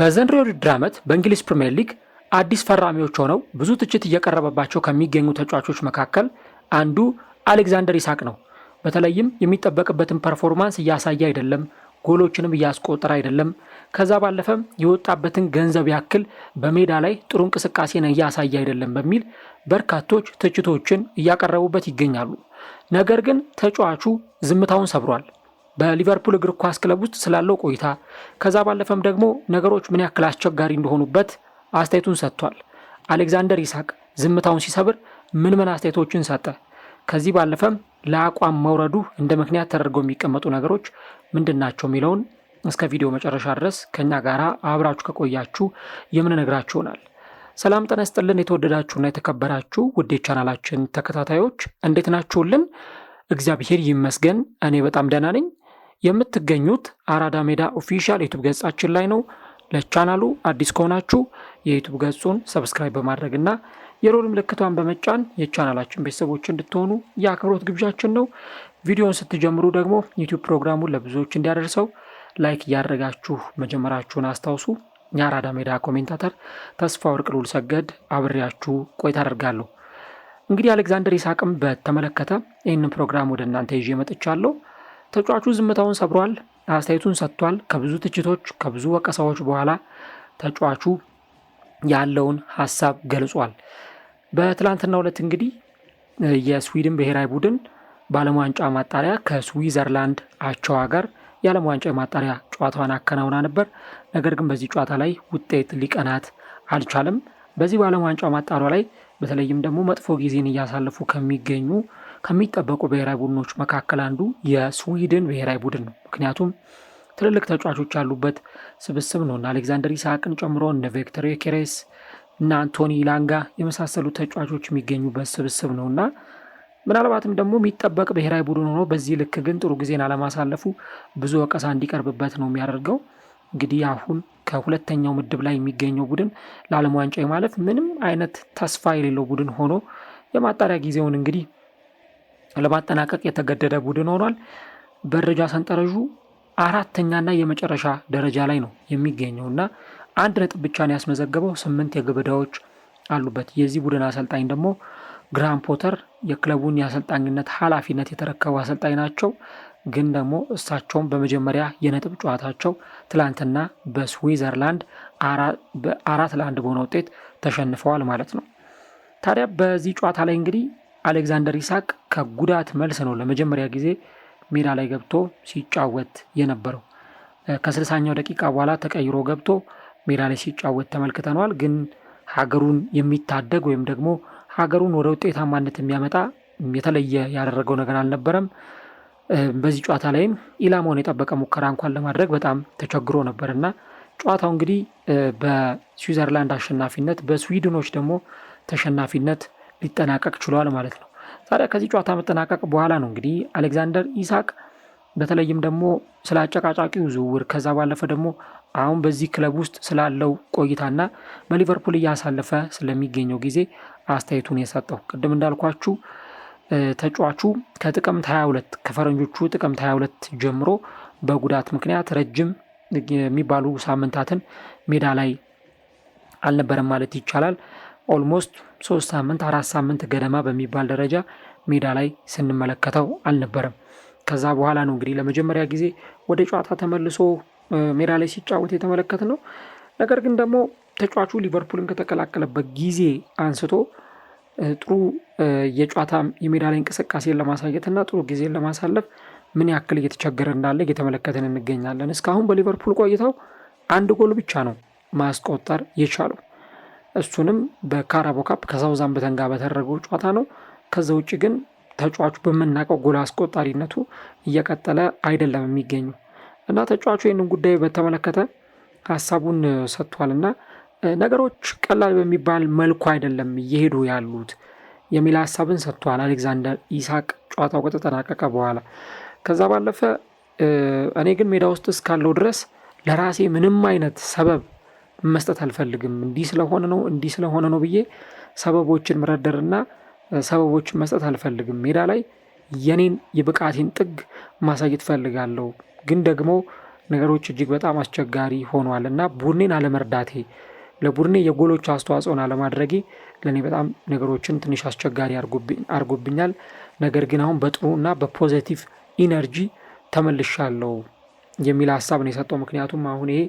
በዘንድሮ የውድድር ዓመት በእንግሊዝ ፕሪምየር ሊግ አዲስ ፈራሚዎች ሆነው ብዙ ትችት እየቀረበባቸው ከሚገኙ ተጫዋቾች መካከል አንዱ አሌክዛንደር ኢሳቅ ነው። በተለይም የሚጠበቅበትን ፐርፎርማንስ እያሳየ አይደለም፣ ጎሎችንም እያስቆጠረ አይደለም። ከዛ ባለፈም የወጣበትን ገንዘብ ያክል በሜዳ ላይ ጥሩ እንቅስቃሴን እያሳየ አይደለም በሚል በርካቶች ትችቶችን እያቀረቡበት ይገኛሉ። ነገር ግን ተጫዋቹ ዝምታውን ሰብሯል። በሊቨርፑል እግር ኳስ ክለብ ውስጥ ስላለው ቆይታ ከዛ ባለፈም ደግሞ ነገሮች ምን ያክል አስቸጋሪ እንደሆኑበት አስተያየቱን ሰጥቷል። አሌክዛንደር ኢሳቅ ዝምታውን ሲሰብር ምን ምን አስተያየቶችን ሰጠ? ከዚህ ባለፈም ለአቋም መውረዱ እንደ ምክንያት ተደርገው የሚቀመጡ ነገሮች ምንድን ናቸው የሚለውን እስከ ቪዲዮ መጨረሻ ድረስ ከእኛ ጋር አብራችሁ ከቆያችሁ የምንነግራችሁ ይሆናል። ሰላም ጤና ይስጥልን። የተወደዳችሁና የተከበራችሁ ውድ ቻናላችን ተከታታዮች እንዴት ናችሁልን? እግዚአብሔር ይመስገን እኔ በጣም ደህና ነኝ። የምትገኙት አራዳ ሜዳ ኦፊሻል ዩቱብ ገጻችን ላይ ነው። ለቻናሉ አዲስ ከሆናችሁ የዩቱብ ገጹን ሰብስክራይብ በማድረግ እና የሮል ምልክቷን በመጫን የቻናላችን ቤተሰቦች እንድትሆኑ የአክብሮት ግብዣችን ነው። ቪዲዮውን ስትጀምሩ ደግሞ ዩቱብ ፕሮግራሙን ለብዙዎች እንዲያደርሰው ላይክ እያደረጋችሁ መጀመራችሁን አስታውሱ። የአራዳ ሜዳ ኮሜንታተር ተስፋ ወርቅ ሉል ሰገድ አብሬያችሁ ቆይታ አደርጋለሁ። እንግዲህ አሌክዛንደር ኢሳቅም በተመለከተ ይህንን ፕሮግራም ወደ እናንተ ይዤ መጥቻለሁ። ተጫዋቹ ዝምታውን ሰብሯል፣ አስተያየቱን ሰጥቷል። ከብዙ ትችቶች ከብዙ ወቀሳዎች በኋላ ተጫዋቹ ያለውን ሀሳብ ገልጿል። በትላንትና ዕለት እንግዲህ የስዊድን ብሔራዊ ቡድን በዓለም ዋንጫ ማጣሪያ ከስዊዘርላንድ አቻዋ ጋር የዓለም ዋንጫ የማጣሪያ ጨዋታዋን አከናውና ነበር። ነገር ግን በዚህ ጨዋታ ላይ ውጤት ሊቀናት አልቻለም። በዚህ በዓለም ዋንጫ ማጣሪያ ላይ በተለይም ደግሞ መጥፎ ጊዜን እያሳለፉ ከሚገኙ ከሚጠበቁ ብሔራዊ ቡድኖች መካከል አንዱ የስዊድን ብሔራዊ ቡድን ነው። ምክንያቱም ትልልቅ ተጫዋቾች ያሉበት ስብስብ ነው እና አሌክዛንደር ኢሳቅን ጨምሮ እነ ቬክተር ኬሬስ እና አንቶኒ ላንጋ የመሳሰሉ ተጫዋቾች የሚገኙበት ስብስብ ነው እና ምናልባትም ደግሞ የሚጠበቅ ብሔራዊ ቡድን ሆኖ በዚህ ልክ ግን ጥሩ ጊዜን አለማሳለፉ ብዙ ወቀሳ እንዲቀርብበት ነው የሚያደርገው። እንግዲህ አሁን ከሁለተኛው ምድብ ላይ የሚገኘው ቡድን ለዓለም ዋንጫ ማለፍ ምንም አይነት ተስፋ የሌለው ቡድን ሆኖ የማጣሪያ ጊዜውን እንግዲህ ለማጠናቀቅ የተገደደ ቡድን ሆኗል። በደረጃ ሰንጠረዡ አራተኛና የመጨረሻ ደረጃ ላይ ነው የሚገኘው እና አንድ ነጥብ ብቻ ነው ያስመዘገበው። ስምንት የግብ ዕዳዎች አሉበት። የዚህ ቡድን አሰልጣኝ ደግሞ ግራም ፖተር የክለቡን የአሰልጣኝነት ኃላፊነት የተረከቡ አሰልጣኝ ናቸው። ግን ደግሞ እሳቸውም በመጀመሪያ የነጥብ ጨዋታቸው ትላንትና በስዊዘርላንድ በአራት ለአንድ በሆነ ውጤት ተሸንፈዋል ማለት ነው። ታዲያ በዚህ ጨዋታ ላይ እንግዲህ አሌክዛንደር ኢሳቅ ከጉዳት መልስ ነው ለመጀመሪያ ጊዜ ሜዳ ላይ ገብቶ ሲጫወት የነበረው። ከስልሳኛው ደቂቃ በኋላ ተቀይሮ ገብቶ ሜዳ ላይ ሲጫወት ተመልክተነዋል። ግን ሀገሩን የሚታደግ ወይም ደግሞ ሀገሩን ወደ ውጤታማነት የሚያመጣ የተለየ ያደረገው ነገር አልነበረም። በዚህ ጨዋታ ላይም ኢላማውን የጠበቀ ሙከራ እንኳን ለማድረግ በጣም ተቸግሮ ነበር እና ጨዋታው እንግዲህ በስዊዘርላንድ አሸናፊነት በስዊድኖች ደግሞ ተሸናፊነት ሊጠናቀቅ ችሏል ማለት ነው። ታዲያ ከዚህ ጨዋታ መጠናቀቅ በኋላ ነው እንግዲህ አሌክዛንደር ኢሳቅ በተለይም ደግሞ ስለ አጨቃጫቂው ዝውውር ከዛ ባለፈ ደግሞ አሁን በዚህ ክለብ ውስጥ ስላለው ቆይታና በሊቨርፑል እያሳለፈ ስለሚገኘው ጊዜ አስተያየቱን የሰጠው ቅድም እንዳልኳችሁ ተጫዋቹ ከጥቅምት 22 ከፈረንጆቹ ጥቅምት 22 ጀምሮ በጉዳት ምክንያት ረጅም የሚባሉ ሳምንታትን ሜዳ ላይ አልነበረም ማለት ይቻላል። ኦልሞስት ሶስት ሳምንት አራት ሳምንት ገደማ በሚባል ደረጃ ሜዳ ላይ ስንመለከተው አልነበረም። ከዛ በኋላ ነው እንግዲህ ለመጀመሪያ ጊዜ ወደ ጨዋታ ተመልሶ ሜዳ ላይ ሲጫወት የተመለከት ነው። ነገር ግን ደግሞ ተጫዋቹ ሊቨርፑልን ከተቀላቀለበት ጊዜ አንስቶ ጥሩ የጨዋታ የሜዳ ላይ እንቅስቃሴን ለማሳየት እና ጥሩ ጊዜን ለማሳለፍ ምን ያክል እየተቸገረ እንዳለ እየተመለከትን እንገኛለን። እስካሁን በሊቨርፑል ቆይታው አንድ ጎል ብቻ ነው ማስቆጠር የቻለው። እሱንም በካራቦ ካፕ ከሳውዛምብተን ጋር በተደረገው ጨዋታ ነው። ከዛ ውጭ ግን ተጫዋቹ በምናውቀው ጎል አስቆጣሪነቱ እየቀጠለ አይደለም የሚገኙ እና ተጫዋቹ ይህንን ጉዳይ በተመለከተ ሀሳቡን ሰጥቷል እና ነገሮች ቀላል በሚባል መልኩ አይደለም እየሄዱ ያሉት የሚል ሀሳብን ሰጥቷል። አሌክዛንደር ኢሳቅ ጨዋታው ከተጠናቀቀ በኋላ ከዛ ባለፈ እኔ ግን ሜዳ ውስጥ እስካለው ድረስ ለራሴ ምንም አይነት ሰበብ መስጠት አልፈልግም። እንዲህ ስለሆነ ነው እንዲህ ስለሆነ ነው ብዬ ሰበቦችን መረደርና ሰበቦችን መስጠት አልፈልግም። ሜዳ ላይ የኔን የብቃቴን ጥግ ማሳየት ፈልጋለሁ። ግን ደግሞ ነገሮች እጅግ በጣም አስቸጋሪ ሆኗል እና ቡድኔን አለመርዳቴ ለቡድኔ የጎሎች አስተዋጽኦን አለማድረጌ ለእኔ በጣም ነገሮችን ትንሽ አስቸጋሪ አድርጎብኛል። ነገር ግን አሁን በጥሩ እና በፖዘቲቭ ኢነርጂ ተመልሻለሁ የሚል ሀሳብ ነው የሰጠው። ምክንያቱም አሁን ይሄ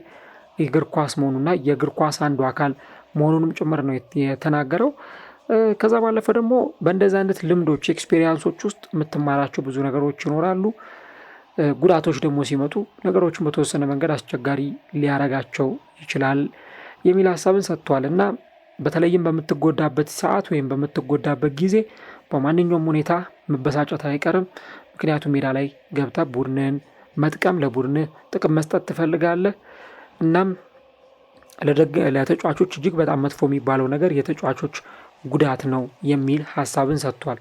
የእግር ኳስ መሆኑና የእግር ኳስ አንዱ አካል መሆኑንም ጭምር ነው የተናገረው። ከዛ ባለፈ ደግሞ በእንደዚህ አይነት ልምዶች ኤክስፔሪያንሶች ውስጥ የምትማራቸው ብዙ ነገሮች ይኖራሉ። ጉዳቶች ደግሞ ሲመጡ ነገሮችን በተወሰነ መንገድ አስቸጋሪ ሊያረጋቸው ይችላል የሚል ሀሳብን ሰጥቷል እና በተለይም በምትጎዳበት ሰዓት ወይም በምትጎዳበት ጊዜ በማንኛውም ሁኔታ መበሳጨት አይቀርም። ምክንያቱም ሜዳ ላይ ገብታ ቡድንን መጥቀም ለቡድንህ ጥቅም መስጠት ትፈልጋለህ። እናም ለተጫዋቾች እጅግ በጣም መጥፎ የሚባለው ነገር የተጫዋቾች ጉዳት ነው የሚል ሀሳብን ሰጥቷል።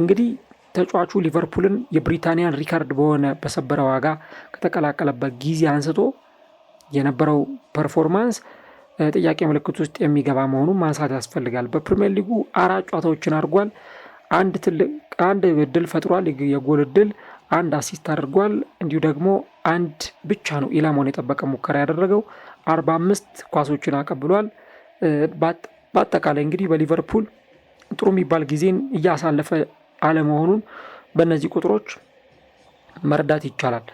እንግዲህ ተጫዋቹ ሊቨርፑልን የብሪታንያን ሪካርድ በሆነ በሰበረ ዋጋ ከተቀላቀለበት ጊዜ አንስቶ የነበረው ፐርፎርማንስ ጥያቄ ምልክት ውስጥ የሚገባ መሆኑን ማንሳት ያስፈልጋል። በፕሪምየር ሊጉ አራት ጨዋታዎችን አድርጓል። አንድ ትልቅ አንድ እድል ፈጥሯል፣ የጎል እድል አንድ አሲስት አድርጓል። እንዲሁ ደግሞ አንድ ብቻ ነው ኢላማውን የጠበቀ ሙከራ ያደረገው። አርባ አምስት ኳሶችን አቀብሏል። በአጠቃላይ እንግዲህ በሊቨርፑል ጥሩ የሚባል ጊዜን እያሳለፈ አለመሆኑን በእነዚህ ቁጥሮች መረዳት ይቻላል።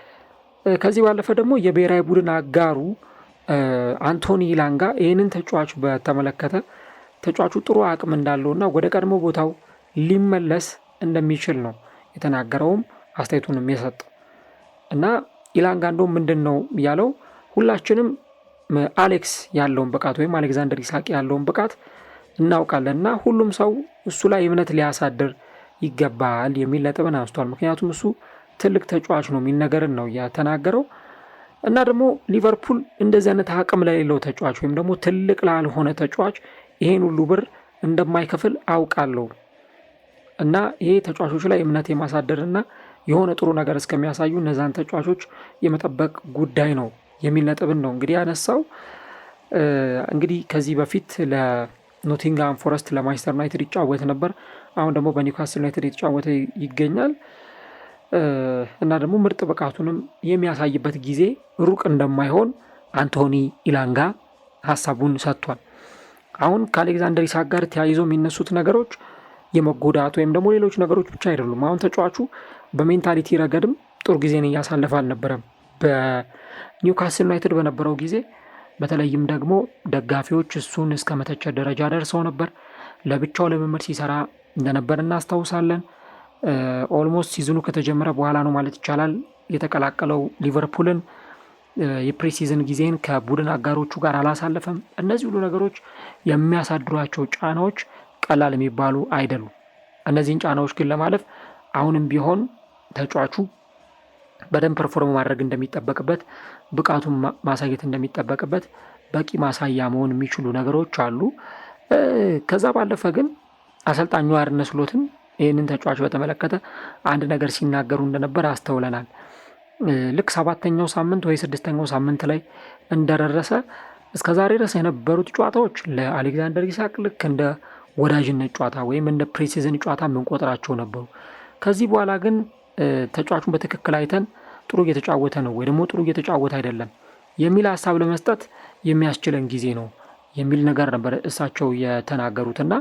ከዚህ ባለፈ ደግሞ የብሔራዊ ቡድን አጋሩ አንቶኒ ላንጋ ይህንን ተጫዋች በተመለከተ ተጫዋቹ ጥሩ አቅም እንዳለው እና ወደ ቀድሞ ቦታው ሊመለስ እንደሚችል ነው የተናገረውም። አስተያየቱንም የሰጠው እና ኢላንጋ ምንድን ነው ያለው ሁላችንም አሌክስ ያለውን ብቃት ወይም አሌክዛንደር ኢሳቅ ያለውን ብቃት እናውቃለን እና ሁሉም ሰው እሱ ላይ እምነት ሊያሳድር ይገባል የሚል ነጥብን አንስቷል። ምክንያቱም እሱ ትልቅ ተጫዋች ነው የሚነገርን ነው እያተናገረው እና ደግሞ ሊቨርፑል እንደዚህ አይነት አቅም ለሌለው ተጫዋች ወይም ደግሞ ትልቅ ላልሆነ ተጫዋች ይሄን ሁሉ ብር እንደማይከፍል አውቃለሁ እና ይሄ ተጫዋቾች ላይ እምነት የማሳደርና የሆነ ጥሩ ነገር እስከሚያሳዩ እነዛን ተጫዋቾች የመጠበቅ ጉዳይ ነው የሚል ነጥብን ነው እንግዲህ ያነሳው። እንግዲህ ከዚህ በፊት ለኖቲንግሃም ፎረስት ለማንቸስተር ዩናይትድ ይጫወት ነበር። አሁን ደግሞ በኒውካስል ዩናይትድ የተጫወተ ይገኛል እና ደግሞ ምርጥ ብቃቱንም የሚያሳይበት ጊዜ ሩቅ እንደማይሆን አንቶኒ ኢላንጋ ሀሳቡን ሰጥቷል። አሁን ከአሌክዛንደር ኢሳቅ ጋር ተያይዞ የሚነሱት ነገሮች የመጎዳት ወይም ደግሞ ሌሎች ነገሮች ብቻ አይደሉም። አሁን ተጫዋቹ በሜንታሊቲ ረገድም ጥሩ ጊዜን እያሳለፈ አልነበረም። በኒውካስል ዩናይትድ በነበረው ጊዜ በተለይም ደግሞ ደጋፊዎች እሱን እስከ መተቸት ደረጃ ደርሰው ነበር። ለብቻው ልምምድ ሲሰራ እንደነበር እናስታውሳለን። ኦልሞስት ሲዝኑ ከተጀመረ በኋላ ነው ማለት ይቻላል የተቀላቀለው ሊቨርፑልን። የፕሪሲዝን ጊዜን ከቡድን አጋሮቹ ጋር አላሳለፈም። እነዚህ ሁሉ ነገሮች የሚያሳድሯቸው ጫናዎች ቀላል የሚባሉ አይደሉም። እነዚህን ጫናዎች ግን ለማለፍ አሁንም ቢሆን ተጫዋቹ በደንብ ፐርፎርም ማድረግ እንደሚጠበቅበት፣ ብቃቱን ማሳየት እንደሚጠበቅበት በቂ ማሳያ መሆን የሚችሉ ነገሮች አሉ። ከዛ ባለፈ ግን አሰልጣኙ አርነ ስሎትም ይህንን ተጫዋች በተመለከተ አንድ ነገር ሲናገሩ እንደነበር አስተውለናል። ልክ ሰባተኛው ሳምንት ወይ ስድስተኛው ሳምንት ላይ እንደደረሰ እስከ ዛሬ ድረስ የነበሩት ጨዋታዎች ለአሌክዛንደር ኢሳቅ ልክ እንደ ወዳጅነት ጨዋታ ወይም እንደ ፕሪሲዝን ጨዋታ የምንቆጥራቸው ነበሩ። ከዚህ በኋላ ግን ተጫዋቹን በትክክል አይተን ጥሩ እየተጫወተ ነው ወይ ደግሞ ጥሩ እየተጫወተ አይደለም የሚል ሀሳብ ለመስጠት የሚያስችለን ጊዜ ነው የሚል ነገር ነበር እሳቸው የተናገሩትና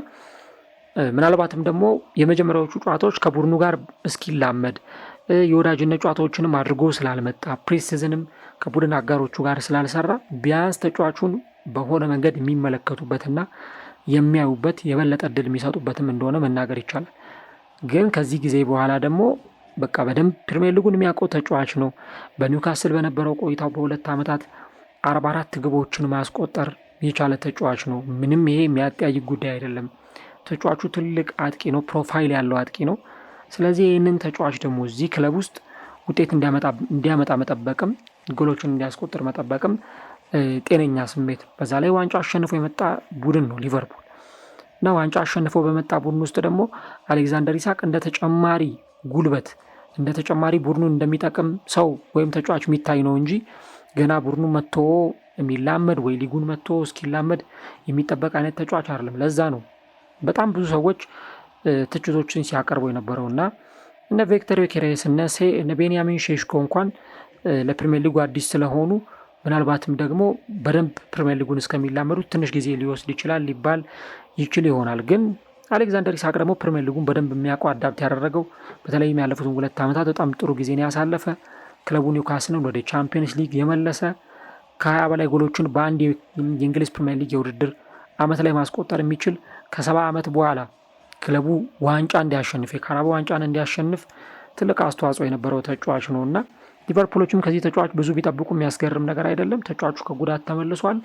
ምናልባትም ደግሞ የመጀመሪያዎቹ ጨዋታዎች ከቡድኑ ጋር እስኪላመድ የወዳጅነት ጨዋታዎችንም አድርጎ ስላልመጣ ፕሪሲዝንም ከቡድን አጋሮቹ ጋር ስላልሰራ ቢያንስ ተጫዋቹን በሆነ መንገድ የሚመለከቱበትና የሚያዩበት የበለጠ እድል የሚሰጡበትም እንደሆነ መናገር ይቻላል። ግን ከዚህ ጊዜ በኋላ ደግሞ በቃ በደንብ ፕሪሚየር ሊጉን የሚያውቀው ተጫዋች ነው። በኒውካስል በነበረው ቆይታው በሁለት ዓመታት አርባ አራት ግቦችን ማስቆጠር የቻለ ተጫዋች ነው። ምንም ይሄ የሚያጠያይቅ ጉዳይ አይደለም። ተጫዋቹ ትልቅ አጥቂ ነው፣ ፕሮፋይል ያለው አጥቂ ነው። ስለዚህ ይህንን ተጫዋች ደግሞ እዚህ ክለብ ውስጥ ውጤት እንዲያመጣ መጠበቅም ጎሎችን እንዲያስቆጥር መጠበቅም ጤነኛ ስሜት። በዛ ላይ ዋንጫ አሸንፎ የመጣ ቡድን ነው ሊቨርፑል እና ዋንጫ አሸንፎ በመጣ ቡድን ውስጥ ደግሞ አሌክዛንደር ኢሳቅ እንደ ተጨማሪ ጉልበት እንደ ተጨማሪ ቡድኑን እንደሚጠቅም ሰው ወይም ተጫዋች የሚታይ ነው እንጂ ገና ቡድኑ መጥቶ የሚላመድ ወይ ሊጉን መጥቶ እስኪላመድ የሚጠበቅ አይነት ተጫዋች አይደለም። ለዛ ነው በጣም ብዙ ሰዎች ትችቶችን ሲያቀርቡ የነበረው እና እነ ቬክተር ዮኬሬስ እነ ቤንያሚን ሼሽኮ እንኳን ለፕሪሚየር ሊጉ አዲስ ስለሆኑ ምናልባትም ደግሞ በደንብ ፕሪሚየር ሊጉን እስከሚላመዱት ትንሽ ጊዜ ሊወስድ ይችላል ሊባል ይችል ይሆናል ግን አሌክዛንደር ኢሳቅ ደግሞ ፕሪሚየር ሊጉን በደንብ የሚያውቀው አዳፕት ያደረገው በተለይም ያለፉትን ሁለት ዓመታት በጣም ጥሩ ጊዜን ያሳለፈ ክለቡ ኒውካስልን ወደ ቻምፒየንስ ሊግ የመለሰ ከሀያ በላይ ጎሎችን በአንድ የእንግሊዝ ፕሪሚየር ሊግ የውድድር ዓመት ላይ ማስቆጠር የሚችል ከሰባ ዓመት በኋላ ክለቡ ዋንጫ እንዲያሸንፍ የካራባ ዋንጫን እንዲያሸንፍ ትልቅ አስተዋጽኦ የነበረው ተጫዋች ነው እና ሊቨርፑሎችም ከዚህ ተጫዋች ብዙ ቢጠብቁ የሚያስገርም ነገር አይደለም። ተጫዋቹ ከጉዳት ተመልሷል።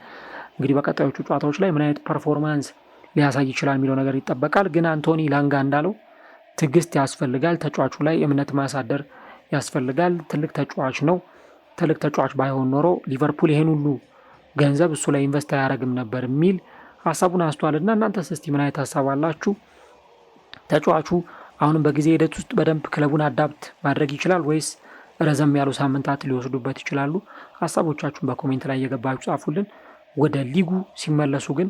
እንግዲህ በቀጣዮቹ ጨዋታዎች ላይ ምን አይነት ፐርፎርማንስ ሊያሳይ ይችላል የሚለው ነገር ይጠበቃል። ግን አንቶኒ ላንጋ እንዳለው ትዕግስት ያስፈልጋል። ተጫዋቹ ላይ እምነት ማሳደር ያስፈልጋል። ትልቅ ተጫዋች ነው። ትልቅ ተጫዋች ባይሆን ኖሮ ሊቨርፑል ይሄን ሁሉ ገንዘብ እሱ ላይ ኢንቨስት አያደርግም ነበር የሚል ሀሳቡን አንስቷልና እናንተስ እስቲ ምን አይነት ሀሳብ አላችሁ? ተጫዋቹ አሁንም በጊዜ ሂደት ውስጥ በደንብ ክለቡን አዳብት ማድረግ ይችላል ወይስ ረዘም ያሉ ሳምንታት ሊወስዱበት ይችላሉ? ሀሳቦቻችሁን በኮሜንት ላይ እየገባችሁ ጻፉልን። ወደ ሊጉ ሲመለሱ ግን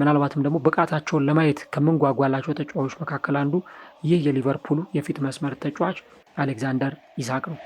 ምናልባትም ደግሞ ብቃታቸውን ለማየት ከምንጓጓላቸው ተጫዋቾች መካከል አንዱ ይህ የሊቨርፑሉ የፊት መስመር ተጫዋች አሌክዛንደር ኢሳቅ ነው።